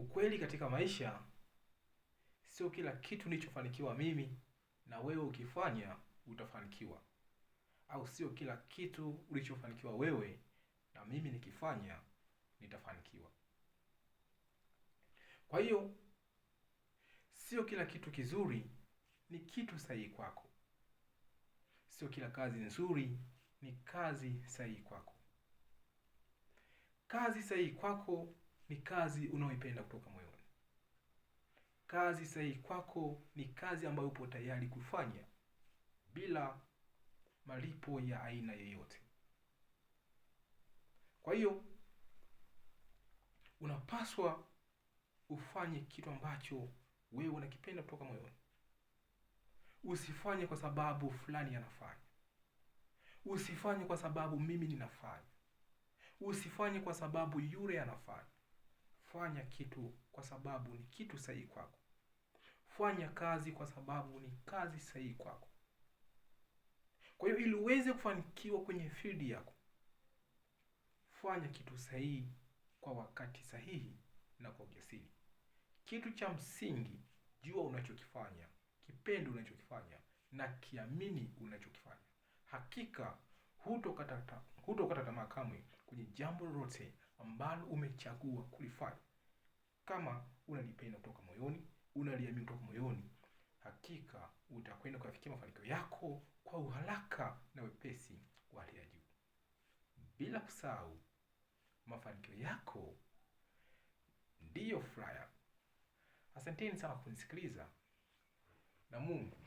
Ukweli katika maisha, sio kila kitu nilichofanikiwa mimi na wewe ukifanya utafanikiwa, au sio kila kitu ulichofanikiwa wewe na mimi nikifanya nitafanikiwa. Kwa hiyo sio kila kitu kizuri ni kitu sahihi kwako, sio kila kazi nzuri ni kazi sahihi kwako. Kazi sahihi kwako ni kazi unaoipenda kutoka moyoni. Kazi sahihi kwako ni kazi ambayo upo tayari kufanya bila malipo ya aina yoyote. Kwa hiyo unapaswa ufanye kitu ambacho wewe unakipenda kutoka moyoni. Usifanye kwa sababu fulani anafanya, usifanye kwa sababu mimi ninafanya, usifanye kwa sababu yule anafanya fanya kitu kwa sababu ni kitu sahihi kwako. Fanya kazi kwa sababu ni kazi sahihi kwako. Kwa hiyo ili uweze kufanikiwa kwenye field yako, fanya kitu sahihi kwa wakati sahihi na kwa ujasiri. Kitu cha msingi, jua unachokifanya, kipende unachokifanya na kiamini unachokifanya. Hakika hutokata tamaa kamwe kwenye jambo lolote ambalo umechagua kulifanya. Kama unanipenda kutoka moyoni, unaliamini kutoka moyoni, hakika utakwenda kuyafikia mafanikio yako kwa uharaka na wepesi wa hali ya juu. Bila kusahau, mafanikio yako ndiyo furaha. Asanteni sana kunisikiliza na Mungu